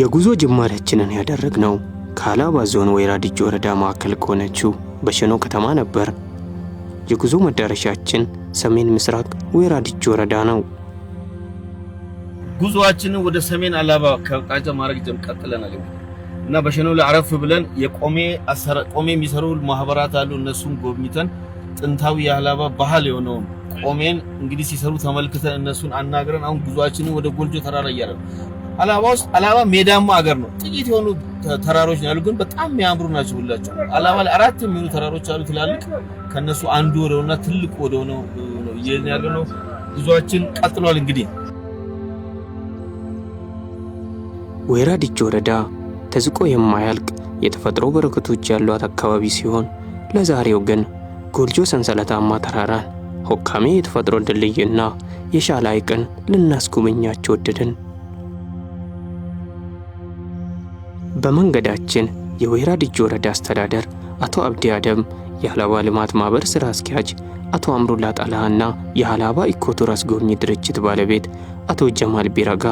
የጉዞ ጅማሪያችንን ያደረግነው ከሀላባ ዞን ወይራ ዲጆ ወረዳ ማዕከል ከሆነችው በሸኖ ከተማ ነበር። የጉዞ መዳረሻችን ሰሜን ምስራቅ ወይራ ዲጆ ወረዳ ነው። ጉዞአችንን ወደ ሰሜን አላባ ከአቅጣጫ ማድረግ ጀም ቀጥለናል እና በሸኖ ላይ አረፍ ብለን የቆሜ ቆሜ የሚሰሩ ማህበራት አሉ። እነሱን ጎብኝተን ጥንታዊ የአላባ ባህል የሆነውን ቆሜን እንግዲህ ሲሰሩ ተመልክተን እነሱን አናግረን አሁን ጉዞአችንን ወደ ጎልጆ ተራራ እያደረግን አላባ ውስጥ አላባ ሜዳማ ሀገር ነው። ጥቂት የሆኑ ተራሮች ያሉ ግን በጣም የሚያምሩ ናቸው ሁላቸው። አላባ ላይ አራት የሚሆኑ ተራሮች አሉ ትላልቅ። ከነሱ አንዱ ወደሆነና ትልቁ ወደሆነው ነው እየሄድን ያለ ነው። ጉዟችን ቀጥሏል። እንግዲህ ወይራ ዲጆ ወረዳ ተዝቆ የማያልቅ የተፈጥሮ በረከቶች ያሏት አካባቢ ሲሆን ለዛሬው ግን ጎልጆ ሰንሰለታማ ተራራን፣ ሆካሜ የተፈጥሮ ድልድይና የሻላ ሐይቅን ልናስጎበኛቸው ወደድን። በመንገዳችን የወይራ ድጅ ወረዳ አስተዳደር አቶ አብዲ አደም፣ የሀላባ ልማት ማህበር ስራ አስኪያጅ አቶ አምሩላ ጣላሃና የሀላባ ኢኮቱር አስጎብኚ ድርጅት ባለቤት አቶ ጀማል ቢረጋ፣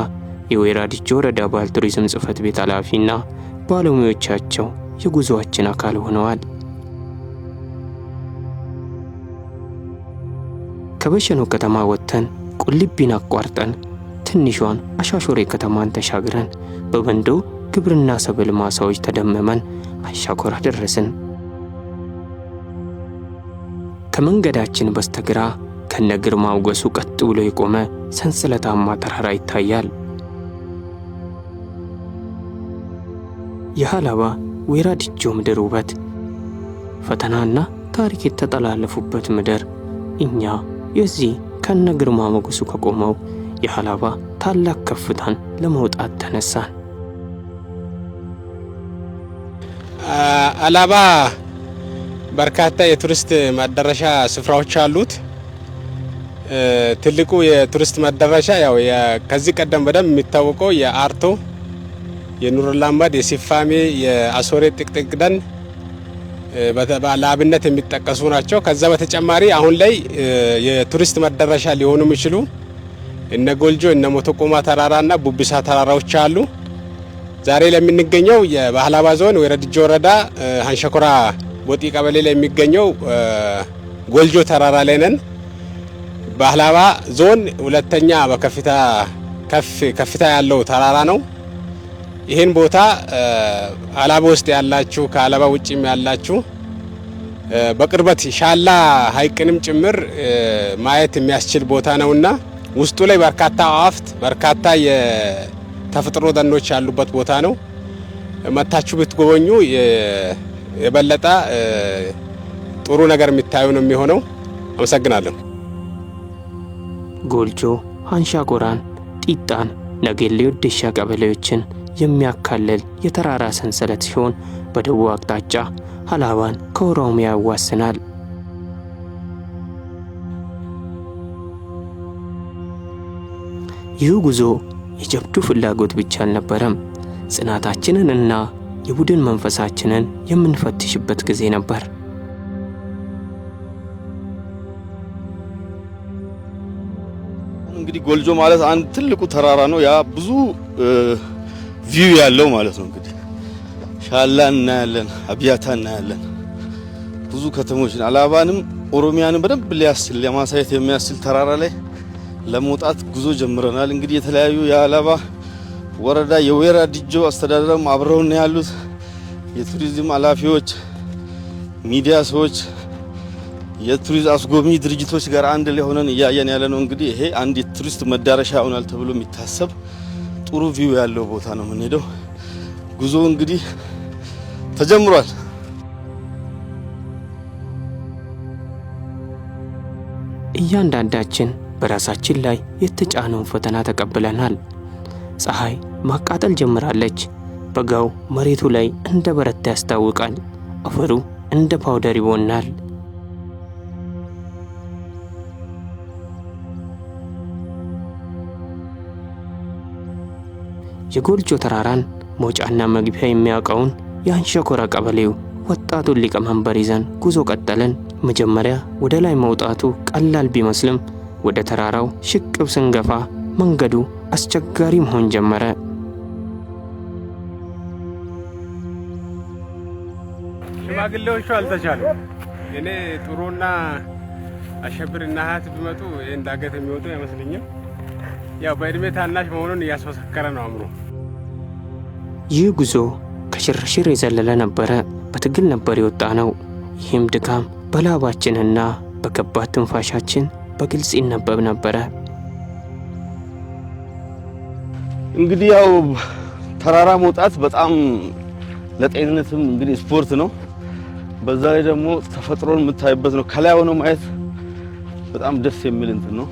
የወይራ ድጅ ወረዳ ባህል ቱሪዝም ጽህፈት ቤት ኃላፊና ባለሙያዎቻቸው የጉዞአችን አካል ሆነዋል። ከበሸኖ ከተማ ወጥተን ቁልቢን አቋርጠን ትንሿን አሻሾሬ ከተማን ተሻግረን በበንዶ ግብርና ሰብል ማሳዎች ተደመመን አሻኮራ ደረስን። ከመንገዳችን በስተግራ ከነ ግርማ ሞገሱ ቀጥ ብሎ የቆመ ሰንሰለታማ ተራራ ይታያል። የሀላባ ወይራ ምድር ውበት፣ ፈተናና ታሪክ የተጠላለፉበት ምድር እኛ የዚህ ከነ ግርማ ሞገሱ ከቆመው የሀላባ ታላቅ ከፍታን ለመውጣት ተነሳን። አላባ በርካታ የቱሪስት መዳረሻ ስፍራዎች አሉት። ትልቁ የቱሪስት መዳረሻ ያው ከዚህ ቀደም በደንብ የሚታወቀው የአርቶ፣ የኑርላማድ፣ የሲፋሜ፣ የአሶሬ ጥቅጥቅ ደን ለአብነት የሚጠቀሱ ናቸው። ከዛ በተጨማሪ አሁን ላይ የቱሪስት መዳረሻ ሊሆኑ የሚችሉ እነ ጎልጆ፣ እነ ሞቶቆማ ተራራ እና ቡብሳ ተራራዎች አሉ። ዛሬ ለምንገኘው የባህላባ ዞን ወረድጆ ወረዳ ሀንሸኮራ ቦጢ ቀበሌ ላይ የሚገኘው ጎልጆ ተራራ ላይ ነን። ባህላባ ዞን ሁለተኛ በከፍታ ከፍ ከፍታ ያለው ተራራ ነው። ይህን ቦታ አላባ ውስጥ ያላችሁ ከአላባ ውጭም ያላችሁ በቅርበት ሻላ ሀይቅንም ጭምር ማየት የሚያስችል ቦታ ነውና ውስጡ ላይ በርካታ አዋፍት በርካታ ተፈጥሮ ደኖች ያሉበት ቦታ ነው። መታችሁ ብትጎበኙ የበለጠ ጥሩ ነገር የሚታዩ ነው የሚሆነው። አመሰግናለሁ። ጎልጆ አንሻጎራን፣ ጢጣን፣ ነገሌ ውድሻ ቀበሌዎችን የሚያካልል የተራራ ሰንሰለት ሲሆን በደቡብ አቅጣጫ ሀላባን ከኦሮሚያ ያዋስናል። ይህ ጉዞ የጀብዱ ፍላጎት ብቻ አልነበረም። ጽናታችንን እና የቡድን መንፈሳችንን የምንፈትሽበት ጊዜ ነበር። እንግዲህ ጎልጆ ማለት አንድ ትልቁ ተራራ ነው። ያ ብዙ ቪው ያለው ማለት ነው። እንግዲህ ሻላ እናያለን፣ አብያታ እናያለን። ብዙ ከተሞችን አላባንም ኦሮሚያንም በደንብ ሊያስችል ለማሳየት የሚያስችል ተራራ ላይ ለመውጣት ጉዞ ጀምረናል። እንግዲህ የተለያዩ የአላባ ወረዳ የወይራ ዲጆ አስተዳደርም አብረውን ያሉት የቱሪዝም ኃላፊዎች፣ ሚዲያ ሰዎች፣ የቱሪዝም አስጎብኚ ድርጅቶች ጋር አንድ ላይ ሆነን እያየን ያለ ነው። እንግዲህ ይሄ አንድ የቱሪስት መዳረሻ ይሆናል ተብሎ የሚታሰብ ጥሩ ቪው ያለው ቦታ ነው የምንሄደው። ጉዞ እንግዲህ ተጀምሯል። እያንዳንዳችን በራሳችን ላይ የተጫነውን ፈተና ተቀብለናል። ፀሐይ ማቃጠል ጀምራለች። በጋው መሬቱ ላይ እንደ በረታ ያስታውቃል። አፈሩ እንደ ፓውደር ይቦናል። የጎልጆ ተራራን መውጫና መግቢያ የሚያውቀውን የአንሸኮራ ቀበሌው ወጣቱን ሊቀመንበር ይዘን ጉዞ ቀጠልን። መጀመሪያ ወደ ላይ መውጣቱ ቀላል ቢመስልም ወደ ተራራው ሽቅብ ስንገፋ መንገዱ አስቸጋሪ መሆን ጀመረ። ሽማግሌዎቹ አልተቻሉ። እኔ ጥሩና አሸብር እና ሀያት ቢመጡ ይህን ዳገት የሚወጡ አይመስለኝም። ያው በእድሜ ታናሽ መሆኑን እያስመሰከረ ነው አእምሮ። ይህ ጉዞ ከሽርሽር የዘለለ ነበረ። በትግል ነበር የወጣ ነው። ይህም ድካም በላባችንና በከባድ ትንፋሻችን በግልጽ ይነበብ ነበረ። እንግዲህ ያው ተራራ መውጣት በጣም ለጤንነትም እንግዲህ ስፖርት ነው። በዛ ላይ ደግሞ ተፈጥሮን የምታይበት ነው። ከላይ ሆነ ማየት በጣም ደስ የሚል እንትን ነው።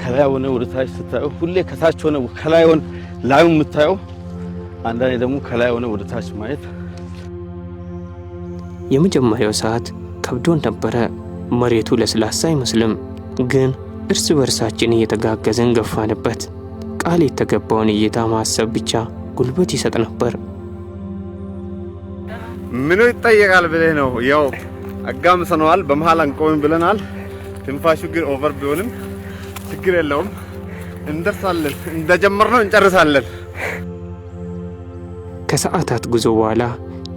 ከላይ ሆነ ወደ ታች ስታየው ሁሌ ከታች ሆነ ከላይ ሆነ ላዩ የምታየው አንዳንዴ ደግሞ ከላይ ሆነ ወደ ታች ማየት የመጀመሪያው ሰዓት ከብዶን ነበረ። መሬቱ ለስላሳ አይመስልም፣ ግን እርስ በርሳችን እየተጋገዝን ገፋንበት። ቃል የተገባውን እይታ ማሰብ ብቻ ጉልበት ይሰጥ ነበር። ምኑ ይጠየቃል ብለህ ነው? ያው አጋምሰነዋል፣ በመሀል አንቆምም ብለናል። ትንፋሹ ግን ኦቨር ቢሆንም ችግር የለውም፣ እንደርሳለን። እንደጀመርነው እንጨርሳለን። ከሰዓታት ጉዞ በኋላ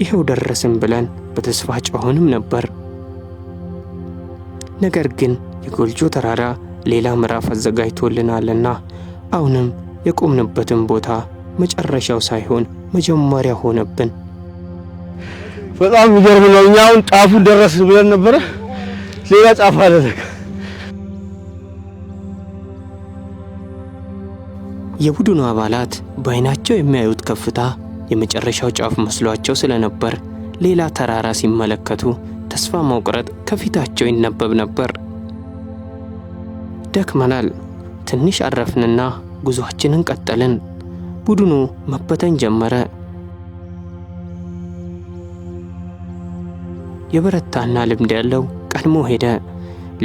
ይኸው ደረስን ብለን በተስፋ ጮኸንም ነበር። ነገር ግን የጎልጆ ተራራ ሌላ ምዕራፍ አዘጋጅቶልናልና አሁንም የቆምንበትን ቦታ መጨረሻው ሳይሆን መጀመሪያ ሆነብን። በጣም ይገርም ነው። እኛ አሁን ጫፉ ደረስ ብለን ነበረ፣ ሌላ ጫፍ አለ። የቡድኑ አባላት በአይናቸው የሚያዩት ከፍታ የመጨረሻው ጫፍ መስሏቸው ስለነበር ሌላ ተራራ ሲመለከቱ ተስፋ መቁረጥ ከፊታቸው ይነበብ ነበር። ደክመናል፣ ትንሽ አረፍንና ጉዟችንን ቀጠልን። ቡድኑ መበተን ጀመረ። የበረታና ልምድ ያለው ቀድሞ ሄደ።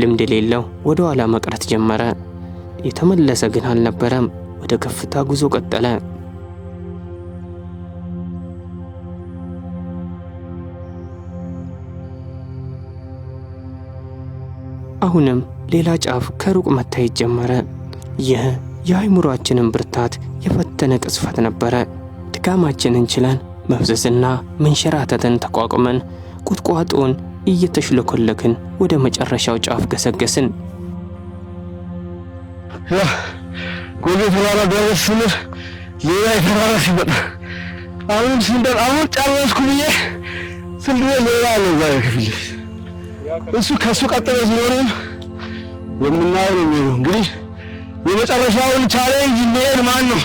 ልምድ የሌለው ወደ ኋላ መቅረት ጀመረ። የተመለሰ ግን አልነበረም። ወደ ከፍታ ጉዞ ቀጠለ። አሁንም ሌላ ጫፍ ከሩቅ መታየት ጀመረ። ይህ የአይምሯችንን ብርታት የፈተነ ቅጽፈት ነበረ። ድካማችንን ችለን መፍዘዝና መንሸራተትን ተቋቁመን ቁጥቋጦን እየተሽለኮለክን ወደ መጨረሻው ጫፍ ገሰገስን። ወደ ተራራ ደረስን። ሌላ የተራራ ሲመጣ አሁን ስንደር አሁን ጨረስኩ ብዬ ስንድ ሌላ ነው ዛሬ ክፍል እሱ ከእሱ ቀጥሎ ስለሆነ የምናየው ነው። እንግዲህ የመጨረሻውን ቻሌንጅ የሚሄድ ማን ነው?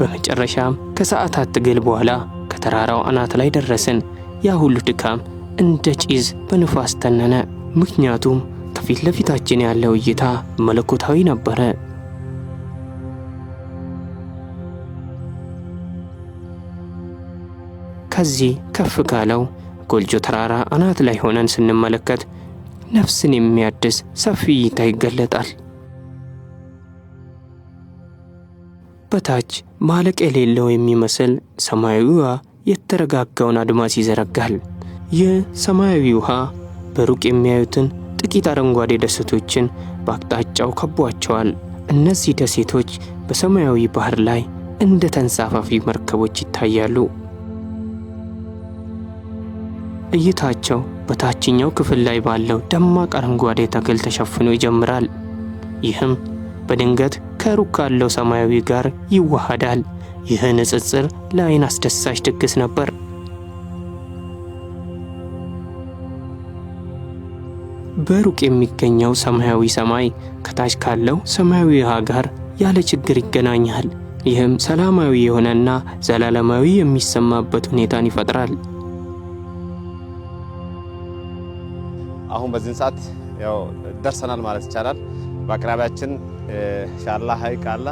በመጨረሻም ከሰዓታት ትግል በኋላ ከተራራው አናት ላይ ደረስን። ያ ሁሉ ድካም እንደ ጪዝ በንፋስ ተነነ። ምክንያቱም ከፊት ለፊታችን ያለው እይታ መለኮታዊ ነበረ። ከዚህ ከፍ ካለው ጎልጆ ተራራ አናት ላይ ሆነን ስንመለከት ነፍስን የሚያድስ ሰፊ እይታ ይገለጣል። በታች ማለቅ የሌለው የሚመስል ሰማያዊ ውሃ የተረጋጋውን አድማስ ይዘረጋል። ይህ ሰማያዊ ውሃ በሩቅ የሚያዩትን ጥቂት አረንጓዴ ደሴቶችን በአቅጣጫው ከቧቸዋል። እነዚህ ደሴቶች በሰማያዊ ባህር ላይ እንደ ተንሳፋፊ መርከቦች ይታያሉ። እይታቸው በታችኛው ክፍል ላይ ባለው ደማቅ አረንጓዴ ተክል ተሸፍኖ ይጀምራል። ይህም በድንገት ከሩቅ ካለው ሰማያዊ ጋር ይዋሃዳል። ይህ ንጽጽር ለአይን አስደሳች ድግስ ነበር። በሩቅ የሚገኘው ሰማያዊ ሰማይ ከታች ካለው ሰማያዊ ውሃ ጋር ያለ ችግር ይገናኛል። ይህም ሰላማዊ የሆነና ዘላለማዊ የሚሰማበት ሁኔታን ይፈጥራል። አሁን በዚህን ሰዓት ያው ደርሰናል ማለት ይቻላል። በአቅራቢያችን ሻላ ሀይቅ አለ።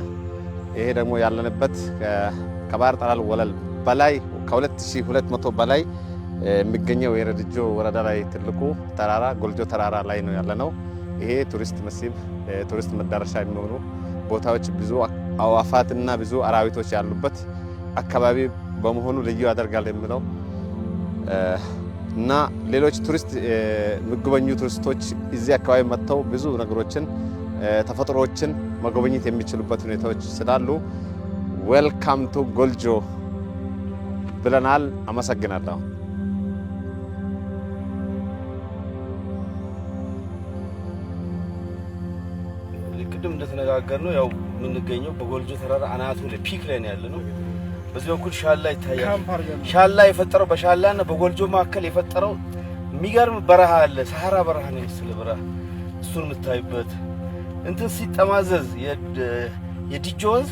ይሄ ደግሞ ያለንበት ከባህር ጠላል ወለል በላይ ከ2200 በላይ የሚገኘው የረድጆ ወረዳ ላይ ትልቁ ተራራ ጎልጆ ተራራ ላይ ነው ያለነው። ይሄ ቱሪስት መስህብ ቱሪስት መዳረሻ የሚሆኑ ቦታዎች ብዙ አዋፋት እና ብዙ አራዊቶች ያሉበት አካባቢ በመሆኑ ልዩ ያደርጋል የሚለው እና ሌሎች ቱሪስት የሚጎበኙ ቱሪስቶች እዚህ አካባቢ መጥተው ብዙ ነገሮችን ተፈጥሮዎችን መጎብኘት የሚችሉበት ሁኔታዎች ስላሉ ዌልካም ቱ ጎልጆ ብለናል። አመሰግናለሁ። ቅድም እንደተነጋገር ነው ያው የምንገኘው በጎልጆ ተራራ አናቱ ፒክ ላይ ነው ያለ ነው። በዚህ በኩል ሻላ ይታያል። ሻላ የፈጠረው በሻላና በጎልጆ መካከል የፈጠረው የሚገርም በረሃ አለ። ሰሃራ በረሃ ነው የመሰለ በረሃ እሱን የምታዩበት እንትን ሲጠማዘዝ የዲጆ ወንዝ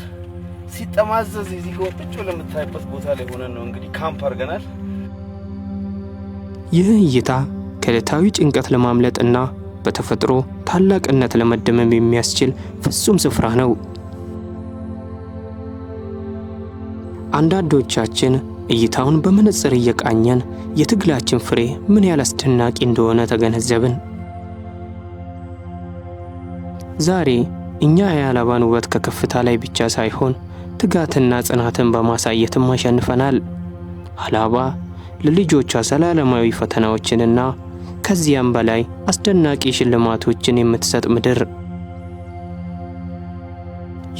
ሲጠማዘዝ የዚህ ወጥጭ ለምታይበት ቦታ ላይ ሆነን ነው እንግዲህ ካምፕ አድርገናል። ይህ እይታ ከዕለታዊ ጭንቀት ለማምለጥ እና በተፈጥሮ ታላቅነት ለመደመም የሚያስችል ፍጹም ስፍራ ነው። አንዳንዶቻችን እይታውን በመነጽር እየቃኘን የትግላችን ፍሬ ምን ያህል አስደናቂ እንደሆነ ተገነዘብን። ዛሬ እኛ የአላባን ውበት ከከፍታ ላይ ብቻ ሳይሆን ትጋትና ጽናትን በማሳየትም አሸንፈናል። አላባ ለልጆቿ ዘላለማዊ ፈተናዎችንና ከዚያም በላይ አስደናቂ ሽልማቶችን የምትሰጥ ምድር።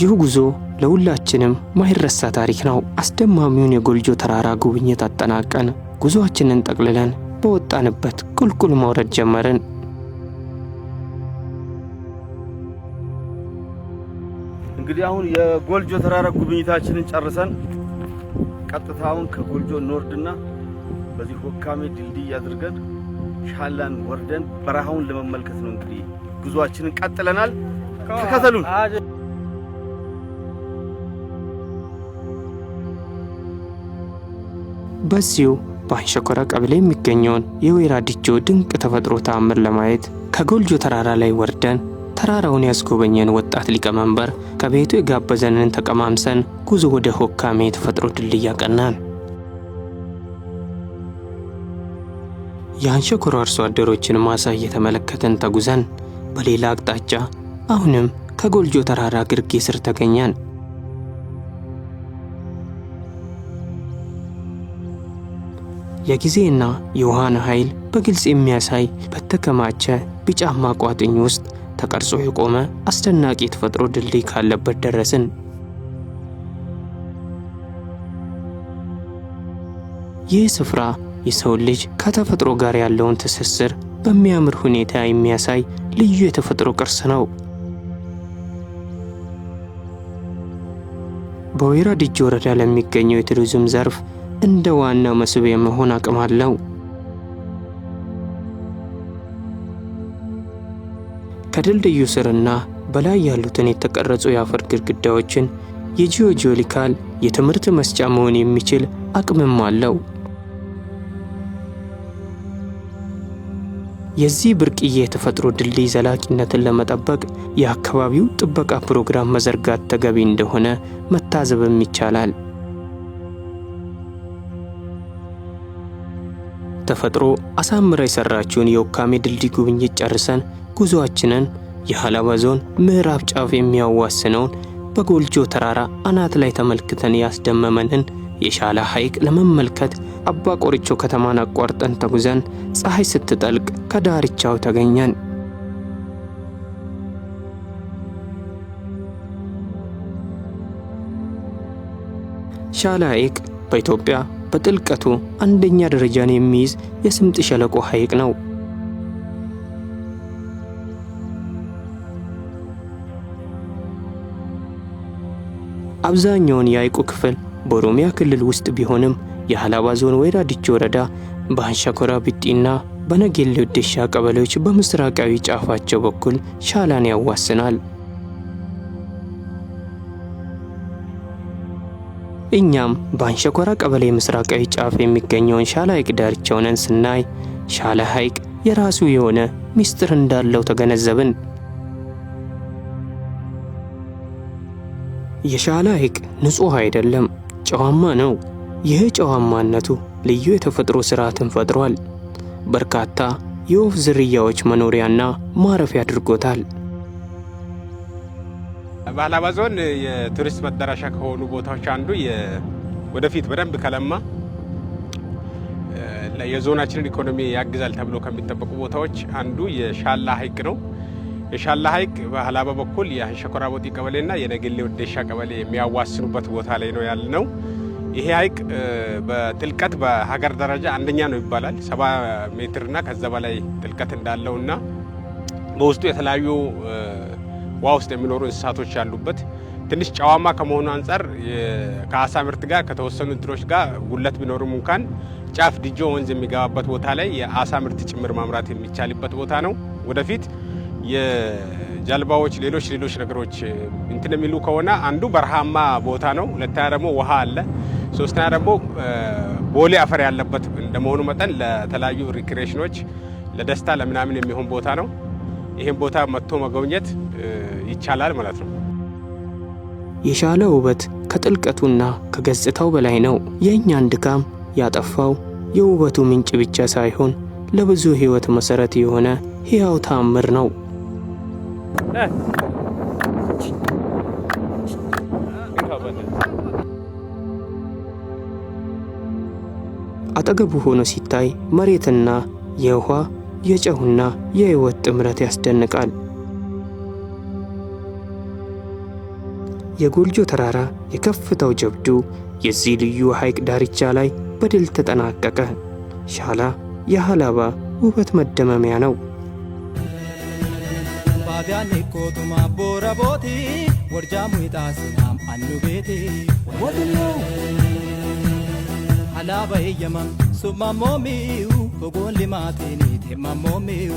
ይህ ጉዞ ለሁላችንም ማይረሳ ታሪክ ነው። አስደማሚውን የጎልጆ ተራራ ጉብኝት አጠናቀን ጉዞአችንን ጠቅልለን በወጣንበት ቁልቁል መውረድ ጀመርን። እንግዲህ አሁን የጎልጆ ተራራ ጉብኝታችንን ጨርሰን ቀጥታውን ከጎልጆ ኖርድና በዚህ ሆካሜ ድልድይ አድርገን ሻላን ወርደን በረሃውን ለመመልከት ነው። እንግዲህ ጉዞአችንን ቀጥለናል። ተከተሉን። በዚሁ በአንሸኮራ ቀበሌ የሚገኘውን የወይራ ድጆ ድንቅ ተፈጥሮ ተአምር ለማየት ከጎልጆ ተራራ ላይ ወርደን ተራራውን ያስጎበኘን ወጣት ሊቀመንበር ከቤቱ የጋበዘንን ተቀማምሰን ጉዞ ወደ ሆካሜ የተፈጥሮ ድልድይ አቀናን። የአንሸኮራ አርሶ አደሮችን ማሳ እየተመለከትን ተጉዘን በሌላ አቅጣጫ አሁንም ከጎልጆ ተራራ ግርጌ ስር ተገኛን። የጊዜና የውሃን ኃይል በግልጽ የሚያሳይ በተከማቸ ቢጫማ ቋጥኝ ውስጥ ተቀርጾ የቆመ አስደናቂ የተፈጥሮ ድልድይ ካለበት ደረስን። ይህ ስፍራ የሰው ልጅ ከተፈጥሮ ጋር ያለውን ትስስር በሚያምር ሁኔታ የሚያሳይ ልዩ የተፈጥሮ ቅርስ ነው። በወይራ ድጅ ወረዳ ለሚገኘው የቱሪዝም ዘርፍ እንደ ዋና መስህብ የመሆን አቅም አለው። ከድልድዩ ስርና በላይ ያሉትን የተቀረጹ የአፈር ግድግዳዎችን የጂኦጂኦሊካል የትምህርት መስጫ መሆን የሚችል አቅምም አለው። የዚህ ብርቅዬ የተፈጥሮ ድልድይ ዘላቂነትን ለመጠበቅ የአካባቢው ጥበቃ ፕሮግራም መዘርጋት ተገቢ እንደሆነ መታዘብም ይቻላል። ተፈጥሮ አሳምራ የሰራችውን የኦካሜ ድልድይ ጉብኝት ጨርሰን ጉዞአችንን የሀላባ ዞን ምዕራብ ጫፍ የሚያዋስነውን በጎልጆ ተራራ አናት ላይ ተመልክተን ያስደመመንን የሻላ ሐይቅ ለመመልከት አባ ቆርቾ ከተማን አቋርጠን ተጉዘን ፀሐይ ስትጠልቅ ከዳርቻው ተገኘን። ሻላ ሐይቅ በኢትዮጵያ በጥልቀቱ አንደኛ ደረጃን የሚይዝ የስምጥ ሸለቆ ሐይቅ ነው። አብዛኛውን የሐይቁ ክፍል በኦሮሚያ ክልል ውስጥ ቢሆንም የሀላባ ዞን ወይራ ወረዳ በአንሻኮራ ቢጢና በነጌሌ ውዴሻ ቀበሌዎች በምስራቃዊ ጫፋቸው በኩል ሻላን ያዋስናል። እኛም በአንሸኮራ ቀበሌ ምስራቃዊ ጫፍ የሚገኘውን ሻለ ሐይቅ ሆነን ስናይ ሻለ ሐይቅ የራሱ የሆነ ሚስጥር እንዳለው ተገነዘብን። የሻለ ሐይቅ ንጹህ አይደለም፣ ጨዋማ ነው። ይህ ጨዋማነቱ ልዩ የተፈጥሮ ስርዓትን ፈጥሯል። በርካታ የወፍ ዝርያዎች መኖሪያና ማረፊያ አድርጎታል። በሀላባ ዞን የቱሪስት መዳረሻ ከሆኑ ቦታዎች አንዱ ወደፊት በደንብ ከለማ የዞናችንን ኢኮኖሚ ያግዛል ተብሎ ከሚጠበቁ ቦታዎች አንዱ የሻላ ሐይቅ ነው። የሻላ ሐይቅ በሀላባ በኩል የሸኮራቦጢ ቀበሌና የነገሌ ወደሻ ቀበሌ የሚያዋስኑበት ቦታ ላይ ነው ነው። ይሄ ሐይቅ በጥልቀት በሀገር ደረጃ አንደኛ ነው ይባላል። ሰባ ሜትርና ከዛ በላይ ጥልቀት እንዳለውና በውስጡ የተለያዩ ውሃ ውስጥ የሚኖሩ እንስሳቶች ያሉበት ትንሽ ጨዋማ ከመሆኑ አንጻር ከአሳ ምርት ጋር ከተወሰኑ እንትኖች ጋር ጉለት ቢኖርም እንኳን ጫፍ ዲጆ ወንዝ የሚገባበት ቦታ ላይ የአሳ ምርት ጭምር ማምራት የሚቻልበት ቦታ ነው። ወደፊት የጀልባዎች ሌሎች ሌሎች ነገሮች እንትን የሚሉ ከሆነ አንዱ በረሃማ ቦታ ነው፣ ሁለተኛ ደግሞ ውሃ አለ፣ ሶስተኛ ደግሞ ቦሌ አፈር ያለበት እንደመሆኑ መጠን ለተለያዩ ሪክሬሽኖች ለደስታ ለምናምን የሚሆን ቦታ ነው። ይህን ቦታ መጥቶ መጎብኘት ይቻላል ማለት ነው። የሻለ ውበት ከጥልቀቱና ከገጽታው በላይ ነው። የእኛን ድካም ያጠፋው የውበቱ ምንጭ ብቻ ሳይሆን ለብዙ ሕይወት መሠረት የሆነ ሕያው ተአምር ነው። አጠገቡ ሆኖ ሲታይ መሬትና የውኃ የጨውና የሕይወት ጥምረት ያስደንቃል። የጎልጆ ተራራ የከፍታው ጀብዱ የዚህ ልዩ ሐይቅ ዳርቻ ላይ በድል ተጠናቀቀ። ሻላ የሀላባ ውበት መደመሚያ ነው። ሀላባ የየመም ሱማሞሚው በጎን ልማቴን የማሞሜው